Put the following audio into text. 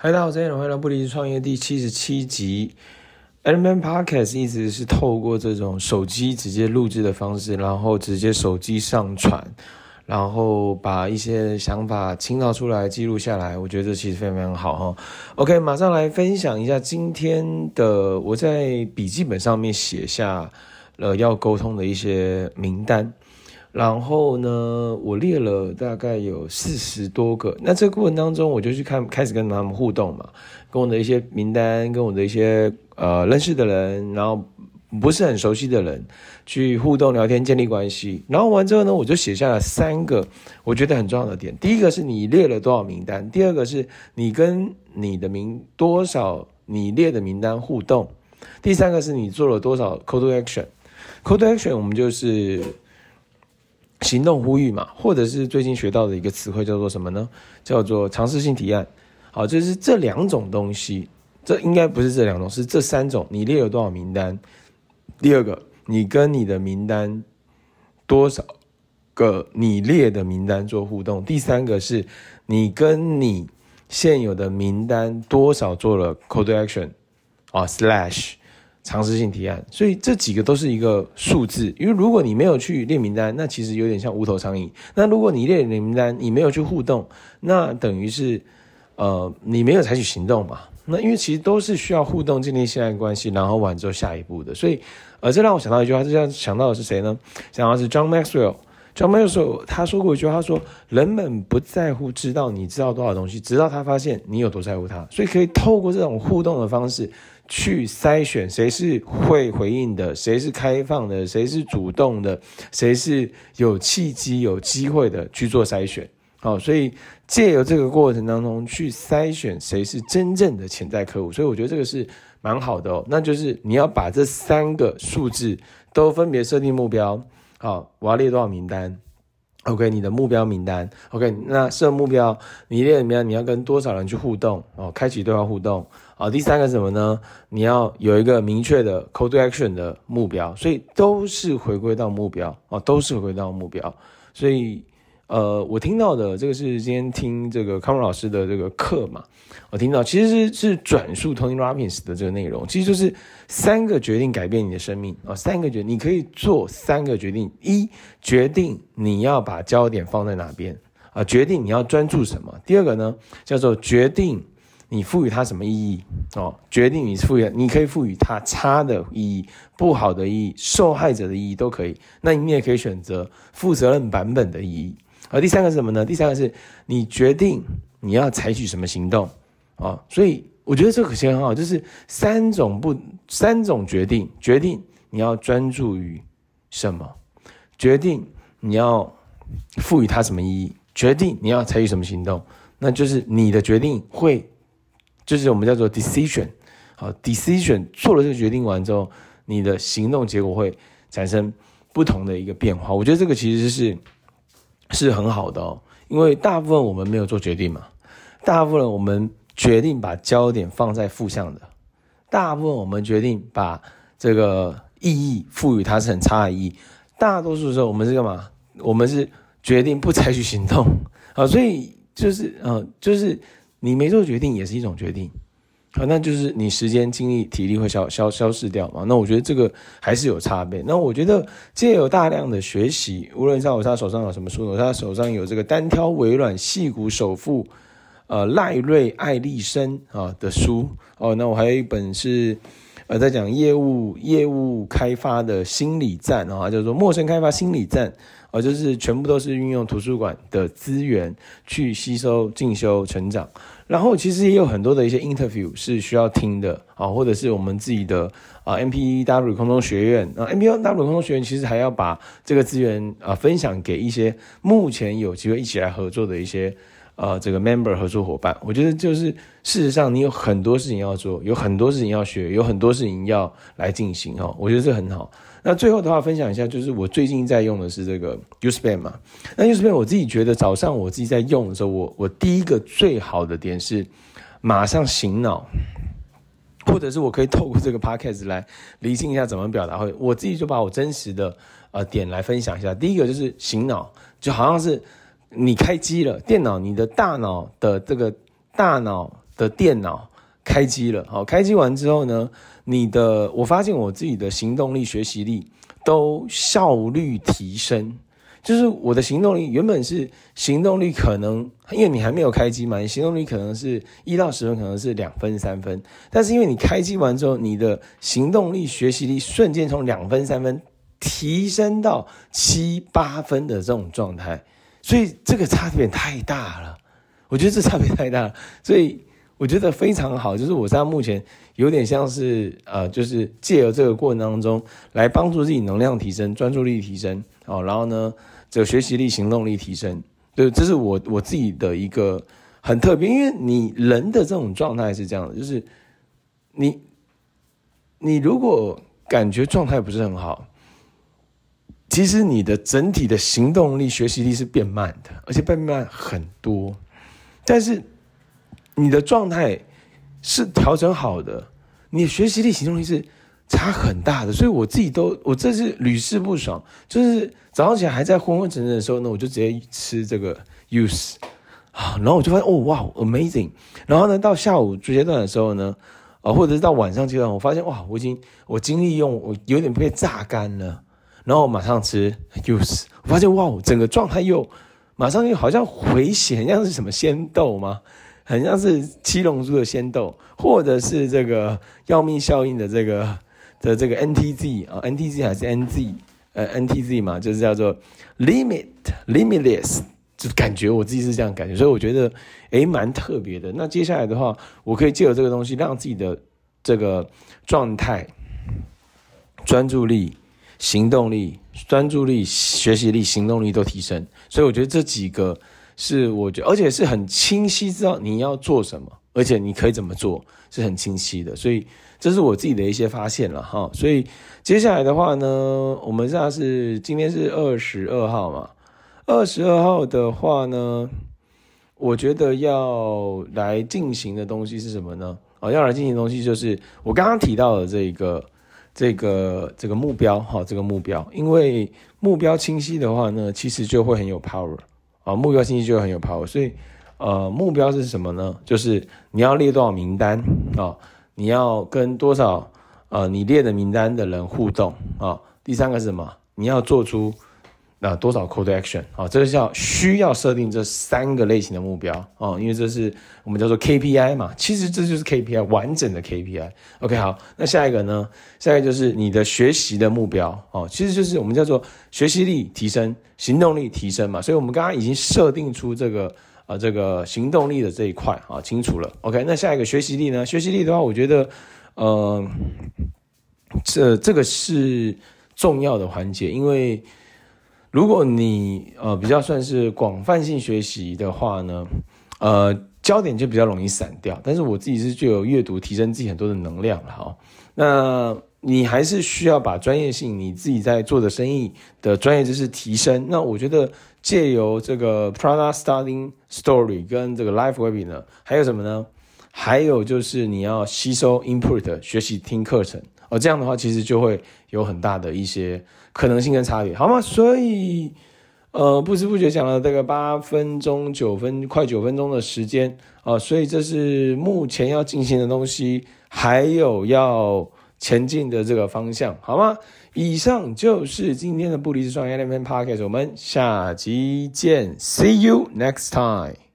嗨，大家好，歡迎來到不離職創業第七十七集。Element Podcast 一直是透過這種手機直接錄製的方式，然後直接手機上傳，然後把一些想法傾倒出來記錄下來。我覺得這其實非常非常好哈、哦。OK，馬上來分享一下今天的我在筆記本上面寫下了要溝通的一些名單。然後呢，我列了大概有四十多個。那這個過程當中，我就去看，開始跟他們互動嘛，跟我的一些名單，跟我的一些呃認識的人，然後不是很熟悉的人去互動聊天，建立關係。然後完之後呢，我就寫下了三個我覺得很重要的點：第一個是你列了多少名單；第二個是你跟你的名多少你列的名單互動；第三個是你做了多少 call to action。call to action 我們就是。行動呼籲嘛，或者是最近學到的一個詞彙叫做什麼呢？叫做嘗試性提案。好，就是這兩種東西，這應該不是這兩種，是這三種。你列了多少名單？第二個，你跟你的名單多少個你列的名單做互動？第三個是，你跟你現有的名單多少做了 call to action 啊，、哦，、slash。嘗試性提案，所以這幾個都是一個數字，因為如果你沒有去列名單，那其實有點像無頭蒼蠅。那如果你列名名單，你沒有去互動，那等於是，呃，你沒有採取行動嘛。那因為其實都是需要互動建立信賴關係，然後玩之後下一步的。所以，呃，這讓我想到一句話，這讓想到的是誰呢？想到的是 John Maxwell。John Maxwell 他說過一句話，他說人們不在乎知道你知道多少東西，直到他發現你有多在乎他。所以可以透過這種互動的方式，去篩選誰是會回應的？誰是開放的？誰是主動的？誰是有契機、有機會的，去做篩選。好，所以借由這個過程當中去篩選誰是真正的潛在客戶。所以我覺得這個是蠻好的哦。那就是你要把這三個數字都分別設定目標。好，我要列多少名單？OK，你的目標名單。OK，那設目標，你列什麼？你要跟多少人去互動？哦，開啟對話互動。哦，第三個什麼呢？你要有一個明確的 Call to Action 的目標。所以都是回歸到目標。哦，都是回歸到目標。所以。呃，我聽到的這個是今天聽這個康文老師的這個課嘛，我、哦、聽到其實是，是轉述 Tony Robbins 的這個內容，其實就是三個決定改變你的生命啊、哦，三個決你可以做三個決定，一決定你要把焦點放在哪邊啊，決定你要專注什麼。第二個呢叫做決定你賦予它什麼意義哦，決定你賦予你可以賦予它差的意義、不好的意義、受害者的意義都可以，那你也可以選擇負責任版本的意義。而第三個是什麼呢？第三個是你決定你要採取什麼行動，啊，所以我覺得這個其實很好，就是三種不三種決定：決定你要專注於什麼，決定你要賦予它什麼意義，決定你要採取什麼行動。那就是你的決定會，就是我們叫做 decision，好，decision 做了這個決定完之後，你的行動結果會產生不同的一個變化。我覺得這個其實是。是很好的哦，因為大部分我們沒有做決定嘛，大部分我們決定把焦點放在負向的，大部分我們決定把這個意義賦予它是很差的意義，大多數的時候我們是幹嘛？我們是決定不採取行動啊，所以就是呃、啊，就是你沒做決定也是一種決定。啊，那就是你時間、精力、體力會消消消失掉嘛？那我覺得這個還是有差別。那我覺得借由大量的學習，無論像我他手上有什麼書，我他手上有這個單挑微軟矽谷首富，呃，賴瑞艾利森啊的書哦，那我還有一本是，呃，在講業務業務開發的心理戰啊，叫做陌生開發心理戰。啊，就是全部都是運用圖書館的資源去吸收進修成長，然後其實也有很多的一些 interview 是需要聽的啊，或者是我們自己的啊 M P E W 空中學院啊 M P E W 空中學院其實還要把這個資源啊分享給一些目前有機會一起來合作的一些。呃，這個 member 合作夥伴，我覺得就是事實上，你有很多事情要做，有很多事情要學，有很多事情要來進行哈、哦。我覺得這很好。那最後的話，分享一下，就是我最近在用的是這個 useband 嘛。那 useband 我自己覺得，早上我自己在用的時候，我我第一個最好的點是馬上醒腦，或者是我可以透過這個 podcast 來理清一下怎麼表達會。我自己就把我真實的呃點來分享一下。第一個就是醒腦，就好像是。你開機了，電腦，你的大腦的這個大腦的電腦開機了，好，開機完之後呢，你的我發現我自己的行動力、學習力都效率提升，就是我的行動力原本是行動力可能因為你還沒有開機嘛，你行動力可能是一到十分，可能是兩分、三分，但是因為你開機完之後，你的行動力、學習力瞬間從兩分、三分提升到七八分的這種狀態。所以這個差別太大了，我覺得這差別太大了，所以我覺得非常好。就是我現在目前有點像是呃，就是借由這個過程當中來幫助自己能量提升、專注力提升，哦，然後呢，這個學習力、行動力提升。對，這是我我自己的一個很特別，因為你人的這種狀態是這樣的，就是你你如果感覺狀態不是很好。其實你的整體的行動力、學習力是變慢的，而且變慢很多。但是你的狀態是調整好的，你的學習力、行動力是差很大的。所以我自己都，我這次屢試不爽，就是早上起來還在昏昏沉沉的時候呢，我就直接吃這個 use 啊，然後我就發現哦，哇，amazing！然後呢，到下午這階段的時候呢，啊，或者是到晚上這階段，我發現哇，我已經我精力用我有點被榨乾了。然後馬上吃，又是我發現哇，整個狀態又馬上又好像回血，很像是什麼仙豆嗎？很像是七龍珠的仙豆，或者是這個藥命效應的這個的這個 NTZ 啊，哦，NTZ 還是 NZ 呃，NTZ 嘛，就是叫做 limit limitless，就感覺我自己是這樣感覺，所以我覺得誒，蠻特別的。那接下來的話，我可以借由這個東西，讓自己的這個狀態專注力。行動力、專注力、學習力、行動力都提升，所以我覺得這幾個是，我覺得而且是很清晰，知道你要做什麼，而且你可以怎麼做，是很清晰的。所以這是我自己的一些發現了哈。所以接下來的話呢，我們現在是今天是二十二號嘛？二十二號的話呢，我覺得要來進行的東西是什麼呢？哦，要來進行的東西就是我剛剛提到的這一個。這個這個目標哈、哦，這個目標，因為目標清晰的話呢，其實就會很有 power 啊、哦，目標清晰就會很有 power。所以，呃，目標是什麼呢？就是你要列多少名單啊、哦，你要跟多少，呃，你列的名單的人互動啊、哦。第三個是什麼？你要做出。那、啊、多少 call to action 哦、啊，這個叫需要設定這三個類型的目標哦、啊，因為這是我們叫做 KPI 嘛，其實這就是 KPI 完整的 KPI。OK，好，那下一個呢？下一個就是你的學習的目標哦、啊，其實就是我們叫做學習力提升、行動力提升嘛。所以，我們剛剛已經設定出這個呃這個行動力的這一塊啊，清楚了。OK，那下一個學習力呢？學習力的話，我覺得呃，這這個是重要的環節，因為如果你呃比較算是廣泛性學習的話呢，呃焦點就比較容易散掉。但是我自己是具有閱讀提升自己很多的能量。好，那你還是需要把專業性你自己在做的生意的專業知識提升。那我覺得借由這個 Prada Starting Story 跟這個 Live Webinar 呢，還有什麼呢？還有就是你要吸收 input，學習聽課程。而、哦、這樣的話，其實就會有很大的一些。可能性跟差別，好嗎？所以，呃，不知不覺講了這個八分鐘、九分、快九分鐘的時間啊，呃，所以這是目前要進行的東西，還有要前進的這個方向，好嗎？以上就是今天的不離職創業 Allen Podcast，我們下集見，See you next time。